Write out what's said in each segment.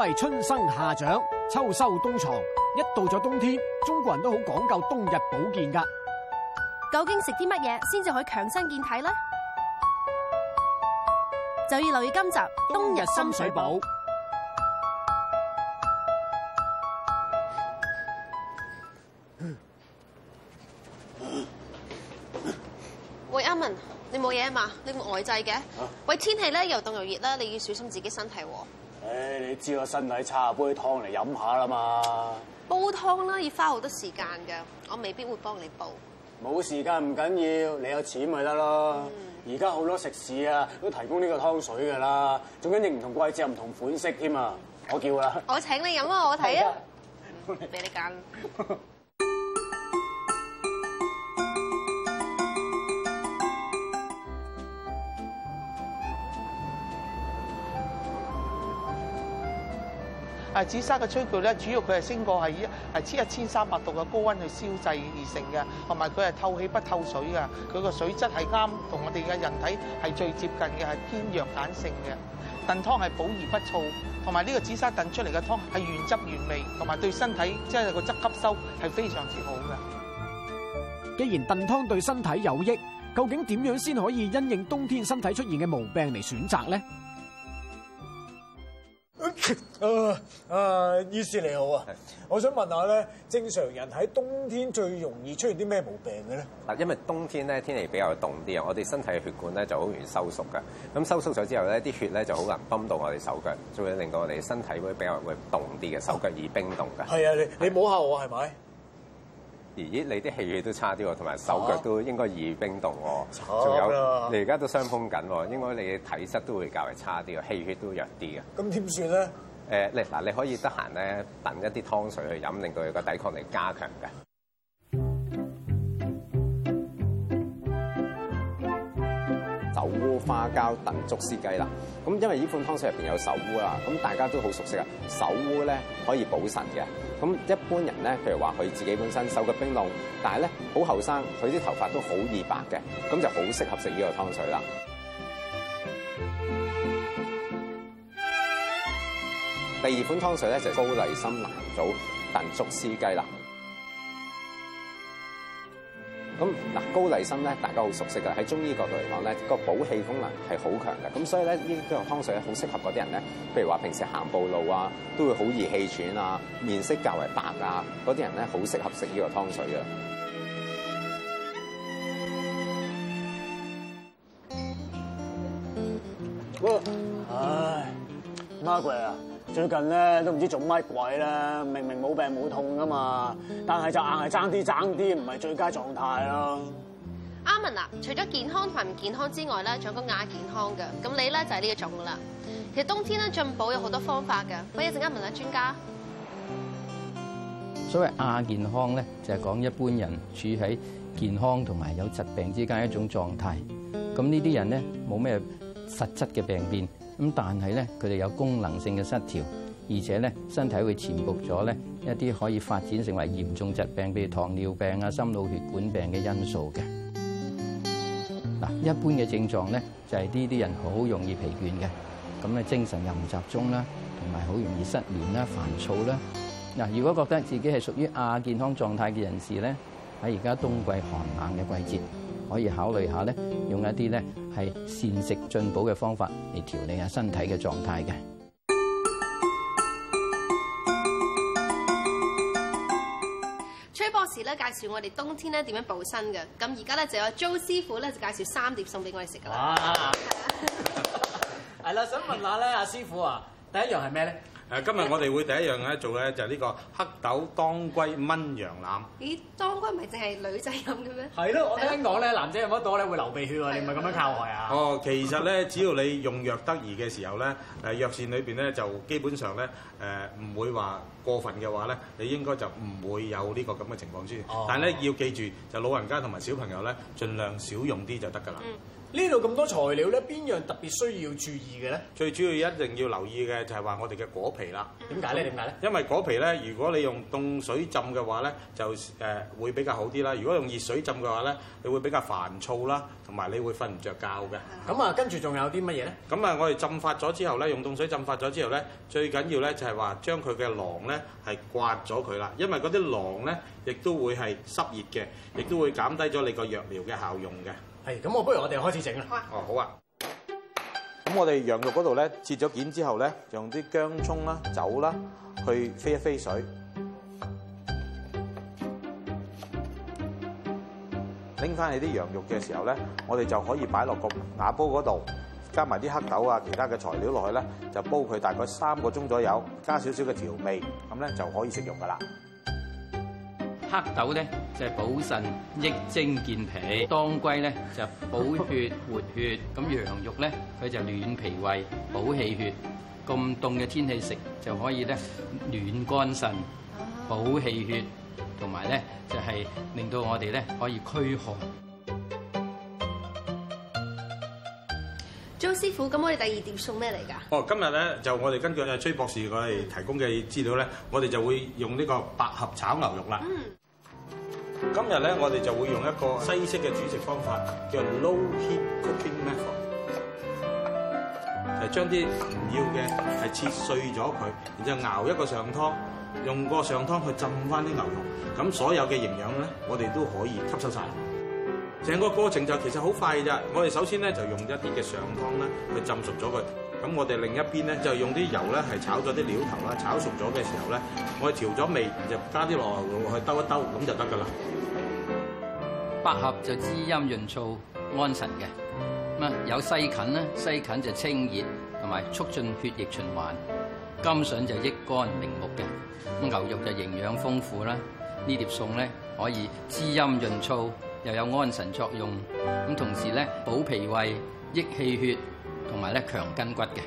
為春生夏長，秋收冬藏。一到咗冬天，中國人都好講究冬日保健噶。究竟食啲乜嘢先至可以強身健體咧？就要留意今集冬日心水補。喂，阿文，你冇嘢啊嘛？你冇外滯嘅？啊、喂，天氣咧又凍又熱啦，你要小心自己身體喎。誒，你知我身體差，杯湯嚟飲下啦嘛。煲湯啦，要花好多時間嘅，我未必會幫你煲沒間。冇時間唔緊要，你有錢咪得咯。而家好多食肆啊，都提供呢個湯水噶啦，仲跟住唔同季節唔同款式添啊。我叫啦。我請你飲啊，我睇啊。俾你揀。紫砂嘅炊具咧，主要佢係升過係一係千一千三百度嘅高溫去燒製而成嘅，同埋佢係透氣不透水嘅，佢個水質係啱同我哋嘅人體係最接近嘅，係偏弱鹼性嘅。燉湯係補而不燥，同埋呢個紫砂燉出嚟嘅湯係原汁原味，同埋對身體即係個質吸收係非常之好嘅。既然燉湯對身體有益，究竟點樣先可以因應冬天身體出現嘅毛病嚟選擇咧？啊！啊、呃，醫、呃、師你好啊，是我想問下咧，正常人喺冬天最容易出現啲咩毛病嘅咧？嗱，因為冬天咧，天氣比較凍啲啊，我哋身體嘅血管咧就好容易收縮嘅，咁收縮咗之後咧，啲血咧就好難泵到我哋手腳，就會令到我哋身體會比較會凍啲嘅，手腳易冰凍嘅。係啊，你是你唔好嚇我係咪？咦咦，你啲氣血都差啲喎，同埋手腳都應該易冰凍喎。仲有、啊，啊、你而家都在傷風緊喎，應該你體質都會較為差啲喎，氣血都弱啲嘅。咁點算咧？你嗱、呃，你可以得閒咧，燉一啲湯水去飲，令到個抵抗力加強嘅。首烏花膠燉竹絲雞啦，咁因為呢款湯水入邊有首烏啦，咁大家都好熟悉啊。首烏咧可以補腎嘅，咁一般人咧，譬如話佢自己本身手腳冰凍，但係咧好後生，佢啲頭髮都好易白嘅，咁就好適合食呢個湯水啦。 第二款湯水咧就係、是、高麗參南棗燉竹絲雞啦。咁嗱，高麗參咧，大家好熟悉噶。喺中醫角度嚟講咧，個補氣功能係好強嘅。咁所以咧，呢、呢個湯水咧，好適合嗰啲人咧，譬如話平時行步路啊，都會好易氣喘啊，面色較為白啊，嗰啲人咧，好適合食呢個湯水嘅。喂，唉，乜鬼啊？最近咧都唔知做乜鬼啦，明明冇病冇痛噶嘛，但係就硬係爭啲爭啲，唔係最佳狀態咯。阿文啊，除咗健康同埋唔健康之外咧，仲有個亞健康嘅，咁你咧就係呢一種啦。其實冬天咧進補有好多方法嘅，我一陣間問下專家。所謂亞健康咧，就係講一般人處喺健康同埋有疾病之間一種狀態。咁呢啲人咧冇咩實質嘅病變。咁但係咧，佢哋有功能性嘅失調，而且咧身體會潛伏咗咧一啲可以發展成為嚴重疾病，譬如糖尿病啊、心腦血管病嘅因素嘅。嗱，一般嘅症狀咧就係呢啲人好容易疲倦嘅，咁咧精神又唔集中啦，同埋好容易失眠啦、煩躁啦。嗱，如果覺得自己係屬於亞健康狀態嘅人士咧，喺而家冬季寒冷嘅季節。可以考慮下咧，用一啲咧係膳食進補嘅方法嚟調理下身體嘅狀態嘅。崔博士咧介紹我哋冬天咧點樣補身嘅，咁而家咧就有 Jo 師傅咧就介紹三碟餸俾我哋食嘅。哇！係啦，想問下咧，阿師傅啊，第一樣係咩咧？誒，今日我哋會第一樣咧做咧，就係呢個黑豆當歸燜羊腩。咦，當歸唔係淨係女仔飲嘅咩？係咯，我聽講咧，男仔飲得多咧會流鼻血喎，你唔係咁樣靠害啊？哦，其實咧，只要你用藥得宜嘅時候咧，誒藥膳裏面咧就基本上咧誒唔會話過分嘅話咧，你應該就唔會有呢個咁嘅情況出現。哦，但係咧要記住，就老人家同埋小朋友咧，盡量少用啲就得㗎啦。嗯。呢度咁多材料咧，邊樣特別需要注意嘅咧？最主要一定要留意嘅就係話我哋嘅果皮啦。點解咧？點解咧？因為果皮咧，如果你用凍水浸嘅話咧，就誒會比較好啲啦。如果用熱水浸嘅話咧，你會比較煩躁啦，同埋你會瞓唔着覺嘅。咁啊、嗯，跟住仲有啲乜嘢咧？咁啊，我哋浸發咗之後咧，用凍水浸發咗之後咧，最緊要咧就係話將佢嘅囊咧係刮咗佢啦。因為嗰啲囊咧亦都會係濕熱嘅，亦都會減低咗你個藥療嘅效用嘅。係，咁我不如我哋開始整啦。哦，好啊。咁我哋羊肉嗰度咧，切咗件之後咧，就用啲薑蔥啦、酒啦，去飛一飛水。拎翻嚟啲羊肉嘅時候咧，我哋就可以擺落個瓦煲嗰度，加埋啲黑豆啊、其他嘅材料落去咧，就煲佢大概三個鐘左右，加少少嘅調味，咁咧就可以食用噶啦。黑豆咧就係補腎益精健脾，當歸咧就補、是、血活血，咁羊肉咧佢就暖脾胃、補氣血。咁凍嘅天氣食就可以咧暖肝腎、補氣血，同埋咧就係、是、令到我哋咧可以驅寒。張師傅，咁我哋第二碟送咩嚟㗎？哦，今日咧就我哋根據阿崔博士佢哋提供嘅資料咧，我哋就會用呢個百合炒牛肉啦。嗯，今日咧我哋就會用一個西式嘅煮食方法，叫 low heat cooking method，就係將啲唔要嘅係切碎咗佢，然之後熬一個上湯，用個上湯去浸翻啲牛肉，咁所有嘅營養咧，我哋都可以吸收晒。整個過程就其實好快咋。我哋首先咧就用一啲嘅上湯咧去浸熟咗佢。咁我哋另一邊咧就用啲油咧係炒咗啲料頭啦，炒熟咗嘅時候咧，我哋調咗味加炒炒就加啲落去兜一兜，咁就得噶啦。百合就滋陰潤燥、安神嘅。咁啊有西芹咧，西芹就清熱同埋促進血液循環。甘筍就益肝明目嘅。牛肉就營養豐富啦。呢碟餸咧可以滋陰潤燥。又有安神作用，咁同時咧補脾胃、益氣血，同埋咧強筋骨嘅。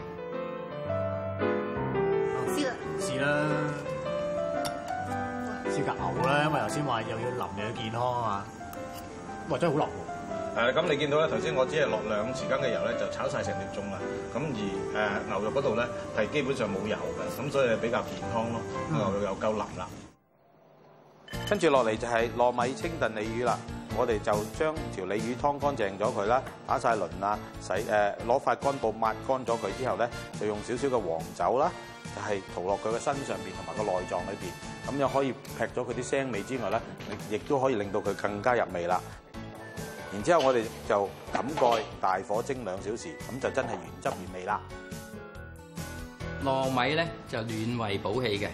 試啦了，試啦了，試嚿牛啦，因為頭先話又要淋又要健康啊嘛。哇，真係好淋喎、嗯！咁你見到咧頭先我只係落兩匙羹嘅油咧，就炒晒成碟餸啦。咁而誒牛肉嗰度咧係基本上冇油嘅，咁所以比較健康咯。牛肉又夠淋啦。跟住落嚟就係糯米清燉鯉魚啦。我哋就將條鯉魚劏乾淨咗佢啦，打晒鱗啊，洗誒攞、呃、塊乾布抹乾咗佢之後咧，就用少少嘅黃酒啦，就係塗落佢嘅身上邊同埋個內臟裏邊，咁又可以劈咗佢啲腥味之外咧，亦都可以令到佢更加入味啦。然之後我哋就冚蓋大火蒸兩小時，咁就真係原汁原味啦。糯米咧就暖胃補氣嘅，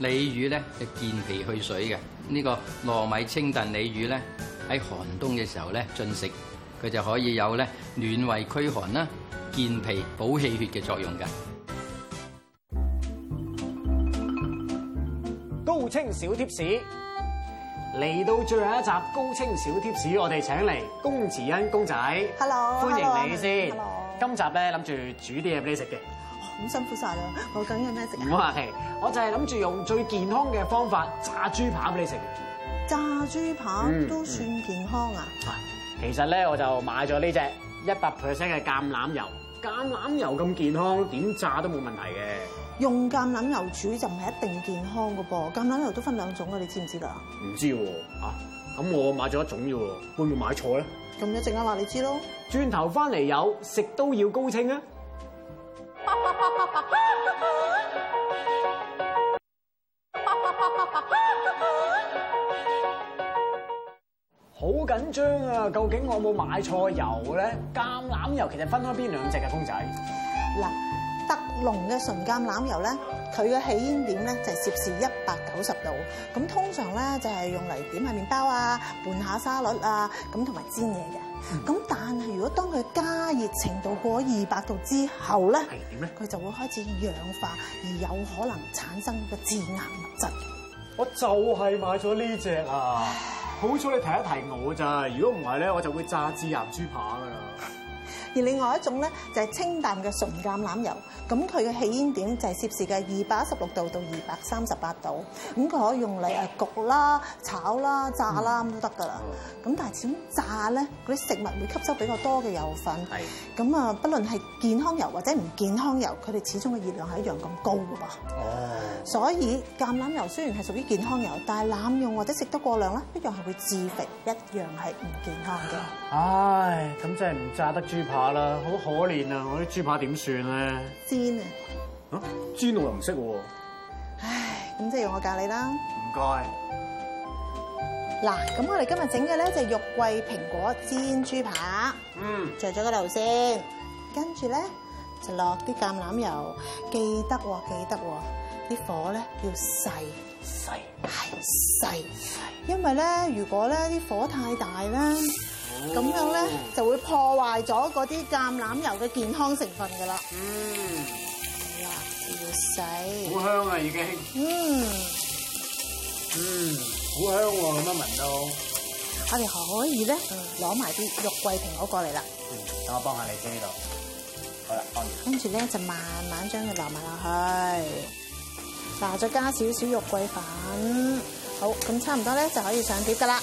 鯉魚咧健脾去水嘅，呢、呢個糯米清燉鯉魚咧。喺寒冬嘅時候咧，進食佢就可以有咧暖胃驅寒啦、健脾補氣血嘅作用噶。高清小貼士嚟到最後一集高清小貼士，我哋請嚟龔慈恩公仔，Hello，歡迎你先。Hello. 今集咧諗住煮啲嘢俾你食嘅，好辛苦晒啦，我梗有咩食？唔好客氣，我就係諗住用最健康嘅方法炸豬扒俾你食。炸豬扒都算健康啊！係、嗯嗯，其實咧我就買咗呢隻一百 percent 嘅橄欖油。橄欖油咁健康，點炸都冇問題嘅。用橄欖油煮就唔係一定健康噶噃，橄欖油都分兩種啊，你知唔知道啊？唔知喎，咁我買咗一種啫，會唔會買錯咧？咁一陣間話你知咯，轉頭翻嚟有食都要高清啊！好緊張啊！究竟我有冇買錯油咧？橄欖油其實分開邊兩隻嘅公仔？嗱，德龍嘅純橄欖油咧，佢嘅起煙點咧就係攝氏一百九十度。咁通常咧就係用嚟點下麵包啊、拌下沙律啊、咁同埋煎嘢嘅。咁、嗯、但係如果當佢加熱程度過咗二百度之後咧，點咧？佢就會開始氧化，而有可能產生嘅致癌物質。我就係買咗呢隻啊！好彩你提一提我咋，如果唔係咧，我就會炸致癌豬扒噶啦。而另外一種咧，就係、是、清淡嘅純橄欖油，咁佢嘅起煙點就係攝氏嘅二百一十六度到二百三十八度，咁佢可以用嚟焗啦、炒啦、炸啦咁、嗯、都得噶啦。咁但係始炸咧，嗰啲食物會吸收比較多嘅油分。係是。咁啊，不論係健康油或者唔健康油，佢哋始終嘅熱量係一樣咁高嘅噃。哦。所以橄欖油雖然係屬於健康油，但係濫用或者食得過量咧，一樣係會致肥，一樣係唔健康嘅。唉，咁真係唔炸得豬排。啦，好可憐啊！我啲豬扒點算咧？煎啊！啊，煎我又唔識喎。唉，咁即係用我教你啦。唔該謝。嗱，咁我哋今日整嘅咧就係玉桂蘋果煎豬扒。嗯，著咗個油先，跟住咧就落啲橄欖油，記得喎，記得喎，啲火咧要細細係細細，小因為咧如果咧啲火太大咧。咁樣咧，就會破壞咗嗰啲橄欖油嘅健康成分噶啦。嗯，係啦，要洗。好香啊，已經。嗯。嗯，好香喎，咁樣聞到。我哋可以咧，攞埋啲肉桂蘋果過嚟啦。嗯，等我幫下你先呢度。好啦，幫住。跟住咧，就慢慢將佢撈埋落去。嗱，再加少少肉桂粉。好，咁差唔多咧，就可以上碟噶啦。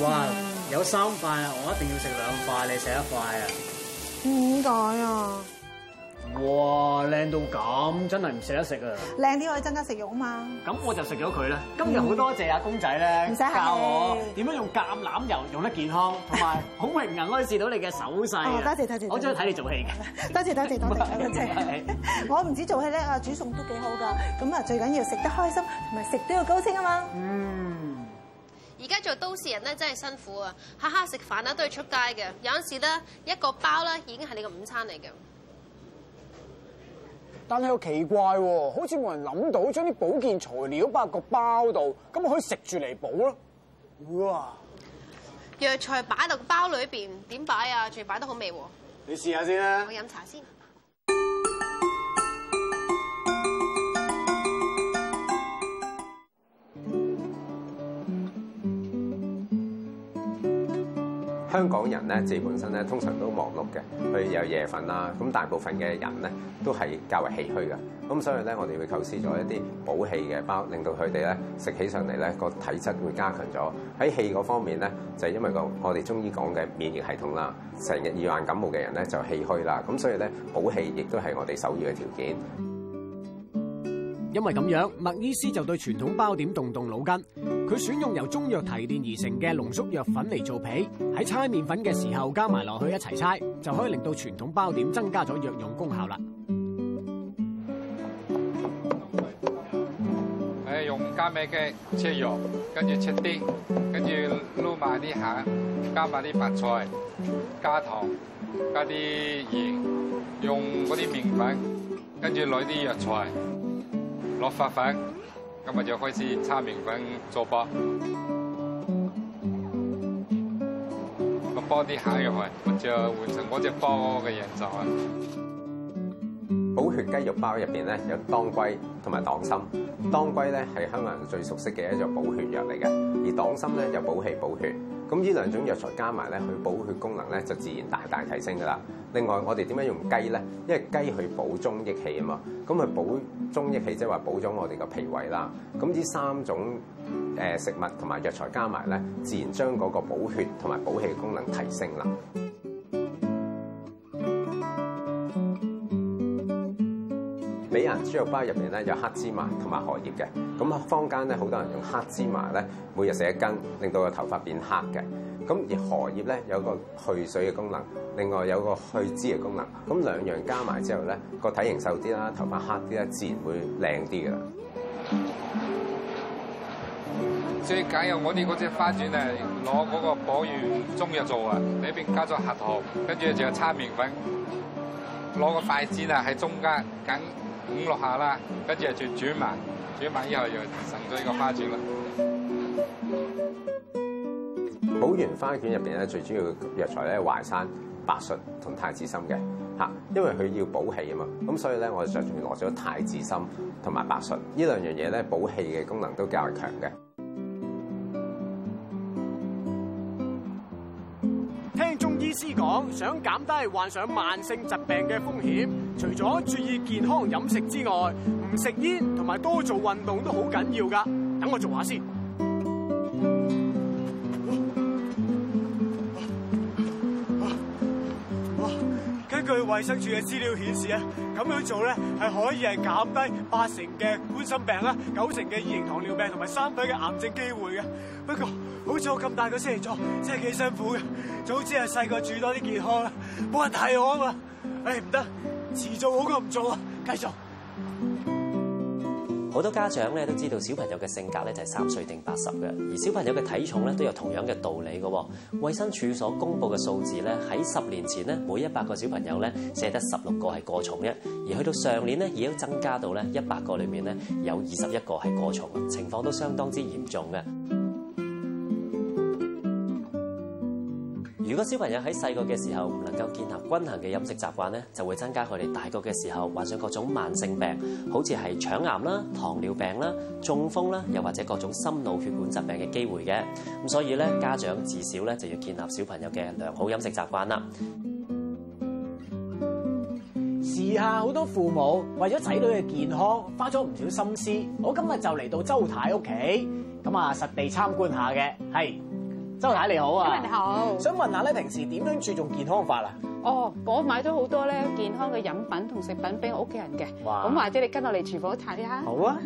哇，有三塊啊！我一定要食兩塊，你食一塊啊？點解啊？哇，靚到咁，真係唔捨得食啊！靚啲可以增加食欲啊嘛！咁我就食咗佢啦。今日好多謝阿公仔咧，嗯、教我點樣用橄欖油用得健康，同埋好榮幸啊！可以試到你嘅手勢， 哦。多謝多謝，多謝我中意睇你做戲嘅。多謝多謝多謝多謝，我唔止做戲叻啊，煮餸都幾好噶。咁啊，最緊要食得開心，同埋食都要高清啊嘛。嗯。而家做都市人咧，真係辛苦啊！下下食飯啦，都要出街嘅。有陣時咧，一個包咧，已經係你個午餐嚟嘅。但係好奇怪喎，好似冇人諗到將啲保健材料擺個包度，咁可以食住嚟補咯。哇！藥材擺到個包裏邊點擺啊？仲擺得好味喎！你試下先啦。我飲茶先。香港人咧，自己本身咧，通常都忙碌嘅，佢有夜瞓啦。咁大部分嘅人咧，都係較為氣虛嘅。咁所以咧，我哋會構思咗一啲補氣嘅包，令到佢哋咧食起上嚟咧個體質會加強咗。喺氣嗰方面咧，就係因為個我哋中醫講嘅免疫系統啦，成日易患感冒嘅人咧就氣虛啦。咁所以咧，補氣亦都係我哋首要嘅條件。因為咁樣，麥醫師就對傳統包點動動腦筋。佢選用由中藥提煉而成嘅濃縮藥粉嚟做皮，喺搓麵粉嘅時候加埋落去一齊搓，就可以令到傳統包點增加咗藥用功效啦。誒，用加味嘅切肉，跟住切啲，跟住撈埋啲餡，加埋啲白菜，加糖，加啲鹽，用嗰啲麵粉，跟住攞啲藥材，落發粉。今日就開始搓麵粉做包。我包啲蟹入去，我就完成我隻包嘅任務。補血雞肉包入邊咧有當歸同埋黨參，當歸咧係香港人最熟悉嘅一種補血藥嚟嘅，而黨參咧又補氣補血。咁呢兩種藥材加埋咧，佢補血功能咧就自然大大提升噶啦。另外，我哋點樣用雞咧？因為雞去補中益氣啊嘛，咁佢補中益氣即係話補咗我哋個脾胃啦。咁呢三種誒食物同埋藥材加埋咧，自然將嗰個補血同埋補氣功能提升啦。美人豬肉包入面咧有黑芝麻同埋荷葉嘅，咁坊間咧好多人用黑芝麻咧每日食一羹，令到個頭髮變黑嘅。咁而荷葉咧有個去水嘅功能，另外有個去脂嘅功能。咁兩樣加埋之後咧，個體型瘦啲啦，頭髮黑啲啦，自然會靚啲噶啦。最緊用，我哋嗰隻花捲係攞嗰個保元中藥做啊，裏邊加咗核桃，跟住仲有叉麵粉，攞個筷子啊喺中間揀。五六下啦，跟住就轉轉埋，轉埋以後又成咗一個花捲啦。保元花捲入邊咧，最主要的藥材咧係淮山、白朮同太子參嘅，吓，因為佢要補氣啊嘛，咁所以咧我就仲要攞咗太子參同埋白朮，呢兩樣嘢咧補氣嘅功能都較強嘅。聽中醫師講，想減低患上慢性疾病嘅風險。除咗注意健康飲食之外，唔食煙同埋多做運動都好緊要噶。等我做下先、哦哦哦哦。根據衛生署嘅資料顯示啊，咁樣做咧係可以係減低八成嘅冠心病啦，九成嘅二型糖尿病同埋三倍嘅癌症機會嘅。不過好似我咁大個先嚟做，真係幾辛苦嘅。早知係細個注多啲健康啦，冇人睇我啊嘛。唉、哎，唔得。遲做好過唔做啊！繼續。好多家長咧都知道小朋友嘅性格咧就係三歲定八十嘅，而小朋友嘅體重咧都有同樣嘅道理嘅。衛生署所公布嘅數字咧，喺十年前咧，每一百個小朋友咧寫得十六個係過重嘅，而去到上年咧已經增加到咧一百個裏面咧有二十一個係過重，情況都相當之嚴重嘅。如果小朋友喺細個嘅時候唔能夠建立均衡嘅飲食習慣咧，就會增加佢哋大個嘅時候患上各種慢性病，好似係腸癌啦、糖尿病啦、中風啦，又或者各種心腦血管疾病嘅機會嘅。咁所以咧，家長至少咧就要建立小朋友嘅良好飲食習慣啦。時下好多父母為咗仔女嘅健康花咗唔少心思，我今日就嚟到周太屋企，咁啊實地參觀一下嘅係。是周太,太你好啊，你好。想問下咧，平時點樣注重健康法啊？哦，我買咗好多咧健康嘅飲品同食品俾我屋企人嘅。咁哇或者你跟我嚟廚房睇下。好啊。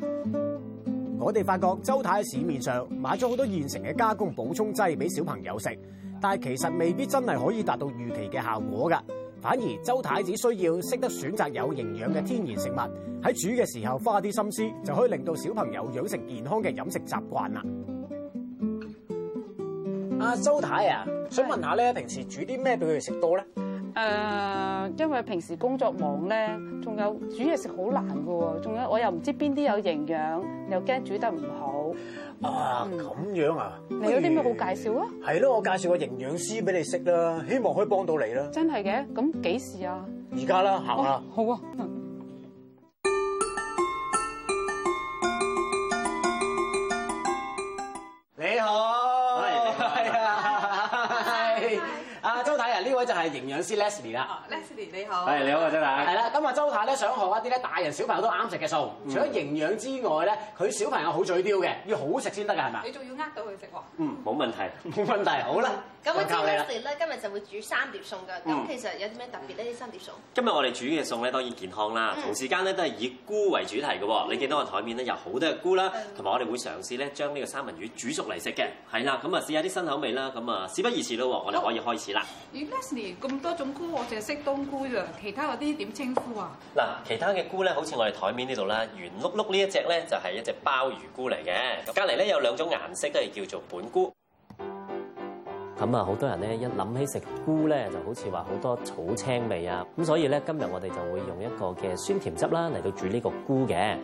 我哋發覺周太喺市面上買咗好多現成嘅加工補充劑俾小朋友食，但係其實未必真係可以達到預期嘅效果㗎。反而周太,太只需要識得選擇有營養嘅天然食物，喺、嗯、煮嘅時候花啲心思，就可以令到小朋友養成健康嘅飲食習慣啦。阿周太，太啊，想問一下咧，平時煮啲咩俾佢哋食多咧？誒、呃，因為平時工作忙咧，仲有煮嘢食好難噶喎，仲有我又唔知邊啲有營養，又驚煮得唔好。啊、呃，咁樣啊？如你有啲咩好介紹啊？係咯，我介紹個營養師俾你食啦，希望可以幫到你啦。真係嘅，咁幾時啊？而家啦，行啦、哦。好啊。就係營養師 Leslie 啦。Leslie 你好。係你好啊，周太。係啦，咁啊，周太咧想學一啲咧大人小朋友都啱食嘅餸，除咗營養之外咧，佢小朋友好嘴刁嘅，要好食先得㗎，係嘛？你仲要呃到佢食喎。嗯，冇問題，冇問題，好啦。咁啊，即係我哋咧今日就會煮三碟餸㗎。咁其實有啲咩特別呢？啲三碟餸。今日我哋煮嘅餸咧當然健康啦，同時間咧都係以菇為主題嘅。你見到我台面咧有好多嘅菇啦，同埋我哋會嘗試咧將呢個三文魚煮熟嚟食嘅。係啦，咁啊試下啲新口味啦。咁啊事不宜遲啦，我哋可以開始啦。咁多種菇，我淨係識冬菇咋，其他嗰啲點稱呼啊？嗱，其他嘅菇咧，好似我哋台面呢度啦，圓碌碌呢一隻咧，就係一隻鮑魚菇嚟嘅。隔離咧有兩種顏色都係叫做本菇。咁啊，好多人咧一諗起食菇咧，就好似話好多草青味啊。咁所以咧，今日我哋就會用一個嘅酸甜汁啦嚟到煮呢個菇嘅，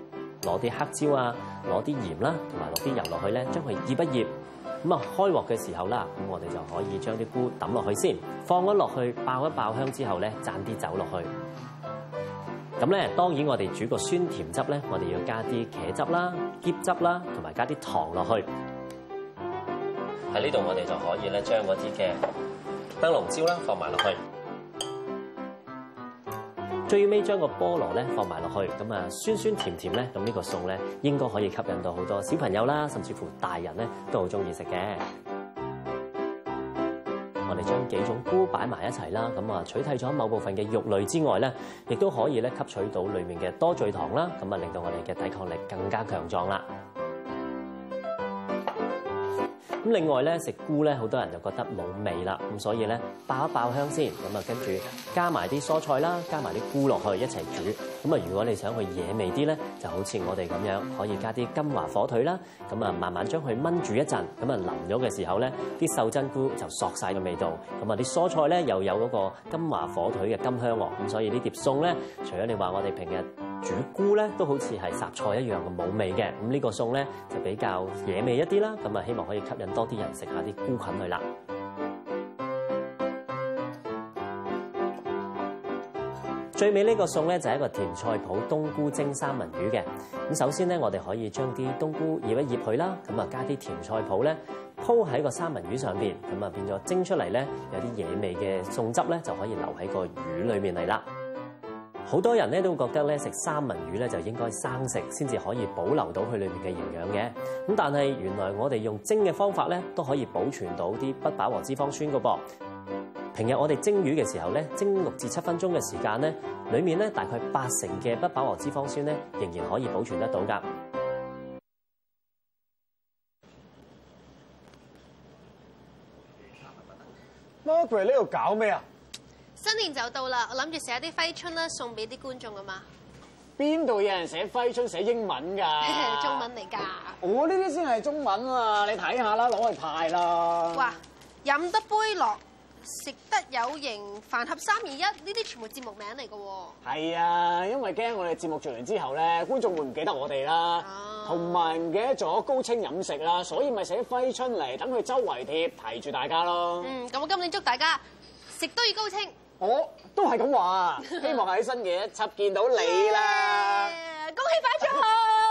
攞啲黑椒啊，攞啲鹽啦，同埋落啲油落去咧，將佢醃一醃。咁啊，開鑊嘅時候啦，咁我哋就可以將啲菇揼落去先，放咗落去爆一爆香之後咧，灒啲酒落去。咁咧，當然我哋煮個酸甜汁咧，我哋要加啲茄汁啦、喼汁啦，同埋加啲糖落去。喺呢度我哋就可以咧，將嗰啲嘅燈籠椒啦放埋落去。最尾將個菠蘿咧放埋落去，咁啊酸酸甜甜咧，咁呢個餸咧應該可以吸引到好多小朋友啦，甚至乎大人咧都好中意食嘅。我哋將幾種菇擺埋一齊啦，咁啊取替咗某部分嘅肉類之外咧，亦都可以咧吸取到裏面嘅多聚糖啦，咁啊令到我哋嘅抵抗力更加強壯啦。咁另外咧食菇咧，好多人就覺得冇味啦。咁所以咧爆一爆香先，咁啊跟住加埋啲蔬菜啦，加埋啲菇落去一齊煮。咁啊，如果你想去惹味啲咧，就好似我哋咁樣，可以加啲金華火腿啦。咁啊，慢慢將佢燜住一陣，咁啊腍咗嘅時候咧，啲秀珍菇就索晒個味道。咁啊，啲蔬菜咧又有嗰個金華火腿嘅甘香喎。咁所以呢碟餸咧，除咗你話我哋平日，煮菇咧都好似係雜菜一樣嘅冇味嘅，咁呢個餸咧就比較野味一啲啦，咁啊希望可以吸引多啲人食下啲菇菌去啦。嗯、最尾呢個餸咧就係、是、一個甜菜脯冬菇蒸三文魚嘅，咁首先咧我哋可以將啲冬菇醃一醃佢啦，咁啊加啲甜菜脯咧鋪喺個三文魚上邊，咁啊變咗蒸出嚟咧有啲野味嘅餸汁咧就可以留喺個魚裏面嚟啦。好多人咧都覺得咧食三文魚咧就應該生食先至可以保留到佢裏面嘅營養嘅，咁但係原來我哋用蒸嘅方法咧都可以保存到啲不飽和脂肪酸噶噃。平日我哋蒸魚嘅時候咧，蒸六至七分鐘嘅時間咧，裡面咧大概八成嘅不飽和脂肪酸咧仍然可以保存得到噶。Margaret 喺呢度搞咩啊？新年就到啦，我諗住寫一啲揮春啦，送俾啲觀眾㗎嘛。邊度有人寫揮春寫英文㗎？ 中文嚟㗎。我呢啲先係中文啊，你睇下啦，攞去派啦。哇！飲得杯落，食得有型，飯盒三二一，呢啲全部節目名嚟㗎喎。係啊，因為驚我哋節目做完之後咧，觀眾會唔記得我哋啦，同埋唔記得咗高清飲食啦，所以咪寫揮春嚟等佢周圍貼提住大家咯。嗯，咁我今年祝大家食都要高清。我都係咁話，希望喺新嘅一輯見到你啦！恭喜發咗財。